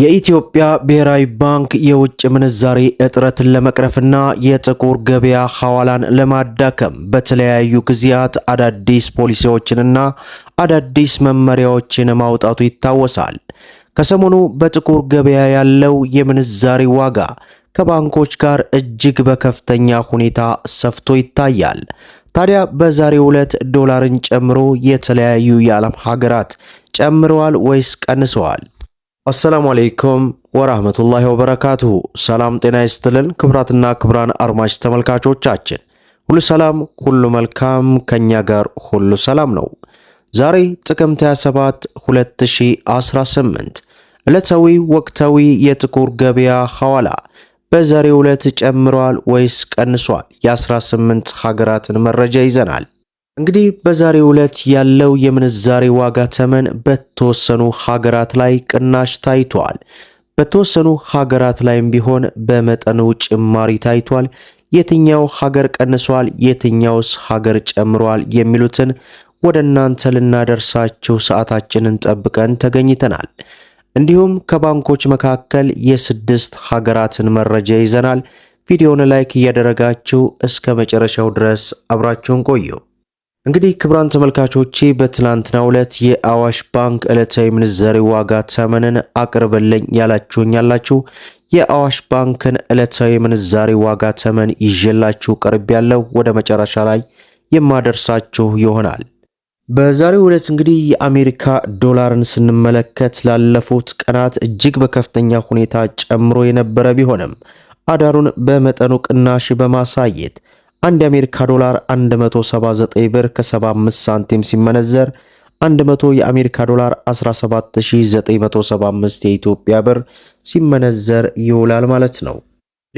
የኢትዮጵያ ብሔራዊ ባንክ የውጭ ምንዛሬ እጥረትን ለመቅረፍና የጥቁር ገበያ ሐዋላን ለማዳከም በተለያዩ ጊዜያት አዳዲስ ፖሊሲዎችንና አዳዲስ መመሪያዎችን ማውጣቱ ይታወሳል። ከሰሞኑ በጥቁር ገበያ ያለው የምንዛሬ ዋጋ ከባንኮች ጋር እጅግ በከፍተኛ ሁኔታ ሰፍቶ ይታያል። ታዲያ በዛሬው ዕለት ዶላርን ጨምሮ የተለያዩ የዓለም ሀገራት ጨምረዋል ወይስ ቀንሰዋል? አሰላሙ አለይኩም ወራህመቱላሂ ወበረካቱሁ። ሰላም ጤና ይስጥልን ክብራትና ክብራን አድማጭ ተመልካቾቻችን ሁሉ ሰላም ሁሉ መልካም፣ ከኛ ጋር ሁሉ ሰላም ነው። ዛሬ ጥቅምት 27 2018 ዕለታዊ ወቅታዊ የጥቁር ገበያ ሐዋላ በዛሬው ዕለት ጨምሯል ወይስ ቀንሷል? የ18 ሀገራትን መረጃ ይዘናል። እንግዲህ በዛሬው ዕለት ያለው የምንዛሬ ዋጋ ተመን በተወሰኑ ሀገራት ላይ ቅናሽ ታይቷል። በተወሰኑ ሀገራት ላይም ቢሆን በመጠኑ ጭማሪ ታይቷል። የትኛው ሀገር ቀንሷል፣ የትኛውስ ሀገር ጨምሯል የሚሉትን ወደ እናንተ ልናደርሳችሁ ሰዓታችንን ጠብቀን ተገኝተናል። እንዲሁም ከባንኮች መካከል የስድስት ሀገራትን መረጃ ይዘናል። ቪዲዮውን ላይክ እያደረጋችሁ እስከ መጨረሻው ድረስ አብራችሁን ቆዩ። እንግዲህ ክቡራን ተመልካቾቼ በትናንትናው ዕለት የአዋሽ ባንክ ዕለታዊ ምንዛሬ ዋጋ ተመንን አቅርበልኝ ያላችሁኝ ያላችሁ የአዋሽ ባንክን ዕለታዊ ምንዛሬ ዋጋ ተመን ይዤላችሁ ቀርብ ያለው ወደ መጨረሻ ላይ የማደርሳችሁ ይሆናል። በዛሬው ዕለት እንግዲህ የአሜሪካ ዶላርን ስንመለከት ላለፉት ቀናት እጅግ በከፍተኛ ሁኔታ ጨምሮ የነበረ ቢሆንም አዳሩን በመጠኑ ቅናሽ በማሳየት አንድ የአሜሪካ ዶላር 179 ብር ከ75 ሳንቲም ሲመነዘር 100 የአሜሪካ ዶላር 17975 የኢትዮጵያ ብር ሲመነዘር ይውላል ማለት ነው።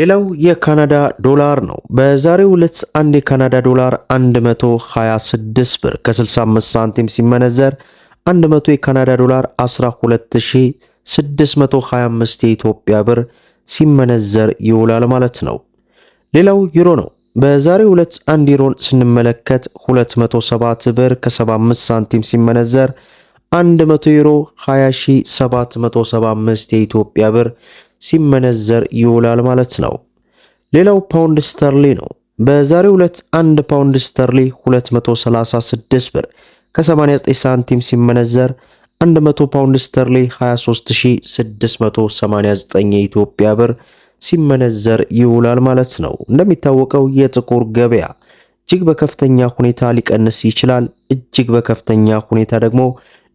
ሌላው የካናዳ ዶላር ነው። በዛሬው ዕለት አንድ የካናዳ ዶላር 126 ብር ከ65 ሳንቲም ሲመነዘር 100 የካናዳ ዶላር 12625 የኢትዮጵያ ብር ሲመነዘር ይውላል ማለት ነው። ሌላው ዩሮ ነው። በዛሬው ዕለት አንድ ዩሮን ስንመለከት 207 ብር ከ75 ሳንቲም ሲመነዘር 100 ዩሮ 20775 የኢትዮጵያ ብር ሲመነዘር ይውላል ማለት ነው። ሌላው ፓውንድ ስተርሊ ነው። በዛሬው ዕለት 1 ፓውንድ ስተርሊ 236 ብር ከ89 ሳንቲም ሲመነዘር 100 ፓውንድ ስተርሊ 23689 የኢትዮጵያ ብር ሲመነዘር ይውላል ማለት ነው። እንደሚታወቀው የጥቁር ገበያ እጅግ በከፍተኛ ሁኔታ ሊቀንስ ይችላል፣ እጅግ በከፍተኛ ሁኔታ ደግሞ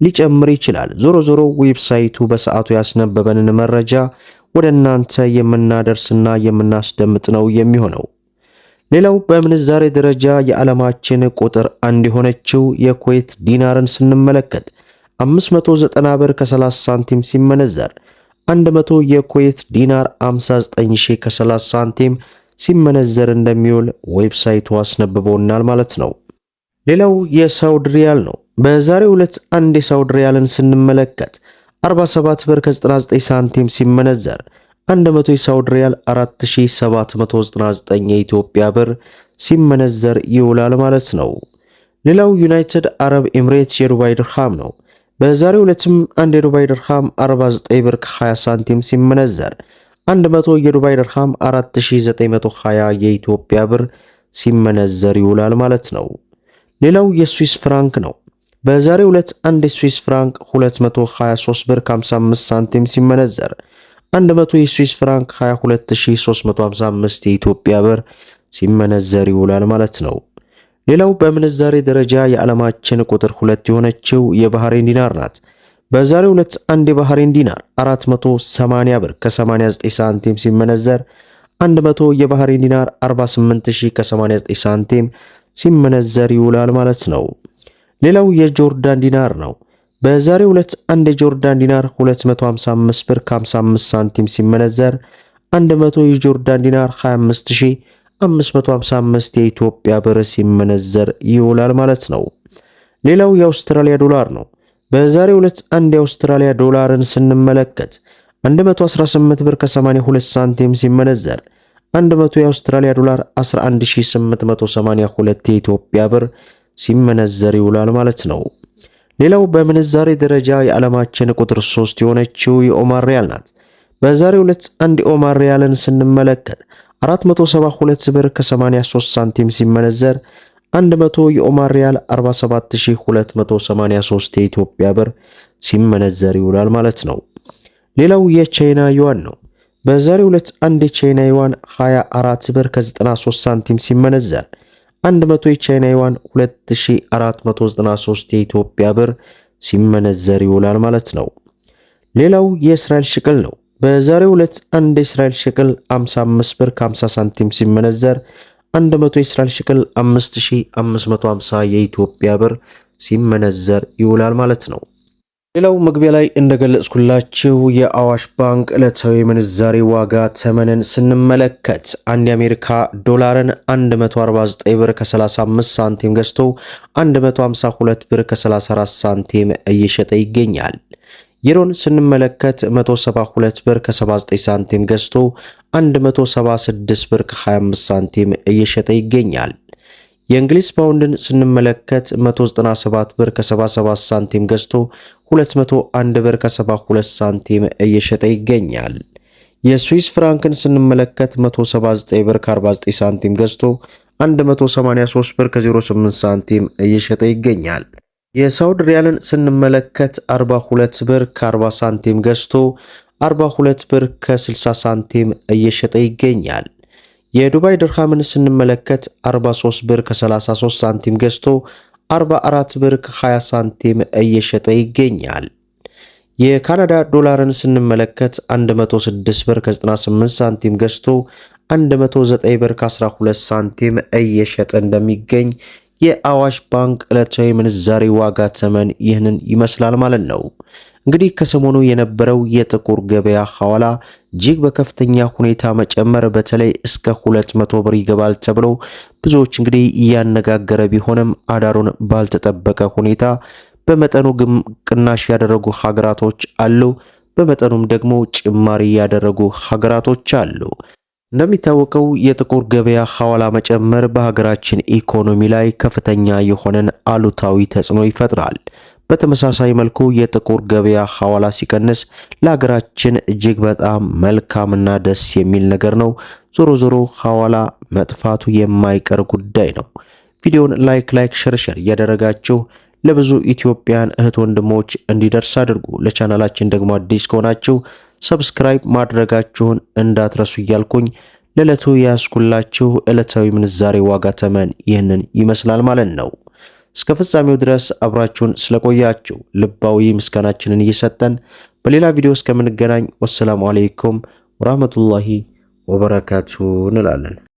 ሊጨምር ይችላል። ዞሮ ዞሮ ዌብሳይቱ በሰዓቱ ያስነበበንን መረጃ ወደ እናንተ የምናደርስና የምናስደምጥ ነው የሚሆነው። ሌላው በምንዛሬ ደረጃ የዓለማችን ቁጥር አንድ የሆነችው የኩዌት ዲናርን ስንመለከት 590 ብር ከ30 ሳንቲም ሲመነዘር 100 የኩዌት ዲናር 59 ሺህ ከ30 ሳንቲም ሲመነዘር እንደሚውል ዌብሳይቱ አስነብቦናል ማለት ነው። ሌላው የሳውድ ሪያል ነው። በዛሬው ዕለት አንድ የሳውድ ሪያልን ስንመለከት 47 ብር ከ99 ሳንቲም ሲመነዘር 100 የሳውድ ሪያል 4799 የኢትዮጵያ ብር ሲመነዘር ይውላል ማለት ነው። ሌላው ዩናይትድ አረብ ኤምሬትስ የዱባይ ድርሃም ነው። በዛሬው ዕለትም አንድ የዱባይ ድርሃም 49 ብር ከ20 ሳንቲም ሲመነዘር 100 የዱባይ ድርሃም 4920 የኢትዮጵያ ብር ሲመነዘር ይውላል ማለት ነው። ሌላው የስዊስ ፍራንክ ነው። በዛሬው ዕለት አንድ የስዊስ ፍራንክ 223 ብር 55 ሳንቲም ሲመነዘር 100 የስዊስ ፍራንክ 22355 የኢትዮጵያ ብር ሲመነዘር ይውላል ማለት ነው። ሌላው በምንዛሬ ደረጃ የዓለማችን ቁጥር ሁለት የሆነችው የባህሬን ዲናር ናት። በዛሬው ዕለት አንድ የባህሬን ዲናር 480 ብር ከ89 ሳንቲም ሲመነዘር 100 የባህሬን ዲናር 48000 ከ89 ሳንቲም ሲመነዘር ይውላል ማለት ነው። ሌላው የጆርዳን ዲናር ነው። በዛሬው ዕለት አንድ የጆርዳን ዲናር 255 ብር ከ55 ሳንቲም ሲመነዘር 100 የጆርዳን ዲናር 25000 555 የኢትዮጵያ ብር ሲመነዘር ይውላል ማለት ነው። ሌላው የአውስትራሊያ ዶላር ነው። በዛሬው ዕለት አንድ የአውስትራሊያ ዶላርን ስንመለከት 118 ብር ከ82 ሳንቲም ሲመነዘር 100 የአውስትራሊያ ዶላር 11882 የኢትዮጵያ ብር ሲመነዘር ይውላል ማለት ነው። ሌላው በምንዛሬ ደረጃ የዓለማችን ቁጥር 3 የሆነችው የኦማር ሪያል ናት። በዛሬው ዕለት አንድ ኦማር ሪያልን ስንመለከት 472 ብር ከ83 ሳንቲም ሲመነዘር 100 የኦማር ሪያል 47283 የኢትዮጵያ ብር ሲመነዘር ይውላል ማለት ነው። ሌላው የቻይና ዩዋን ነው። በዛሬው ዕለት አንድ የቻይና ዩዋን 24 ብር ከ93 ሳንቲም ሲመነዘር 100 የቻይና ዩዋን 2493 የኢትዮጵያ ብር ሲመነዘር ይውላል ማለት ነው። ሌላው የእስራኤል ሽቅል ነው። በዛሬው ዕለት አንድ የእስራኤል ሽቅል 55 ብር ከ50 ሳንቲም ሲመነዘር 100 የእስራኤል ሽቅል 5550 የኢትዮጵያ ብር ሲመነዘር ይውላል ማለት ነው። ሌላው መግቢያ ላይ እንደገለጽኩላችሁ የአዋሽ ባንክ ዕለታዊ ምንዛሬ ዋጋ ተመንን ስንመለከት አንድ የአሜሪካ ዶላርን 149 ብር ከ35 ሳንቲም ገዝቶ 152 ብር ከ34 ሳንቲም እየሸጠ ይገኛል። ዩሮን ስንመለከት 172 ብር ከ79 ሳንቲም ገዝቶ 176 ብር ከ25 ሳንቲም እየሸጠ ይገኛል። የእንግሊዝ ፓውንድን ስንመለከት 197 ብር ከ77 ሳንቲም ገዝቶ 201 ብር ከ72 ሳንቲም እየሸጠ ይገኛል። የስዊስ ፍራንክን ስንመለከት 179 ብር ከ49 ሳንቲም ገዝቶ 183 ብር ከ08 ሳንቲም እየሸጠ ይገኛል። የሳውድ ሪያልን ስንመለከት 42 ብር ከ40 ሳንቲም ገዝቶ 42 ብር ከ60 ሳንቲም እየሸጠ ይገኛል። የዱባይ ድርሃምን ስንመለከት 43 ብር ከ33 ሳንቲም ገዝቶ 44 ብር ከ20 ሳንቲም እየሸጠ ይገኛል። የካናዳ ዶላርን ስንመለከት 106 ብር ከ98 ሳንቲም ገዝቶ 109 ብር ከ12 ሳንቲም እየሸጠ እንደሚገኝ የአዋሽ ባንክ ዕለታዊ ምንዛሬ ዋጋ ተመን ይህንን ይመስላል ማለት ነው። እንግዲህ ከሰሞኑ የነበረው የጥቁር ገበያ ሐዋላ እጅግ በከፍተኛ ሁኔታ መጨመር በተለይ እስከ 200 ብር ይገባል ተብሎ ብዙዎች እንግዲህ እያነጋገረ ቢሆንም አዳሩን ባልተጠበቀ ሁኔታ በመጠኑ ግን ቅናሽ ያደረጉ ሀገራቶች አሉ። በመጠኑም ደግሞ ጭማሪ ያደረጉ ሀገራቶች አሉ። እንደሚታወቀው የጥቁር ገበያ ሐዋላ መጨመር በሀገራችን ኢኮኖሚ ላይ ከፍተኛ የሆነን አሉታዊ ተጽዕኖ ይፈጥራል። በተመሳሳይ መልኩ የጥቁር ገበያ ሐዋላ ሲቀንስ ለሀገራችን እጅግ በጣም መልካምና ደስ የሚል ነገር ነው። ዞሮ ዞሮ ሐዋላ መጥፋቱ የማይቀር ጉዳይ ነው። ቪዲዮን ላይክ ላይክ ሸርሸር እያደረጋችሁ ለብዙ ኢትዮጵያን እህት ወንድሞች እንዲደርስ አድርጉ። ለቻናላችን ደግሞ አዲስ ከሆናችሁ ሰብስክራይብ ማድረጋችሁን እንዳትረሱ እያልኩኝ ለዕለቱ ያስኩላችሁ ዕለታዊ ምንዛሬ ዋጋ ተመን ይህንን ይመስላል ማለት ነው። እስከ ፍጻሜው ድረስ አብራችሁን ስለቆያችሁ ልባዊ ምስጋናችንን እየሰጠን በሌላ ቪዲዮ እስከምንገናኝ ወሰላሙ አሌይኩም ወራህመቱላሂ ወበረካቱ እንላለን።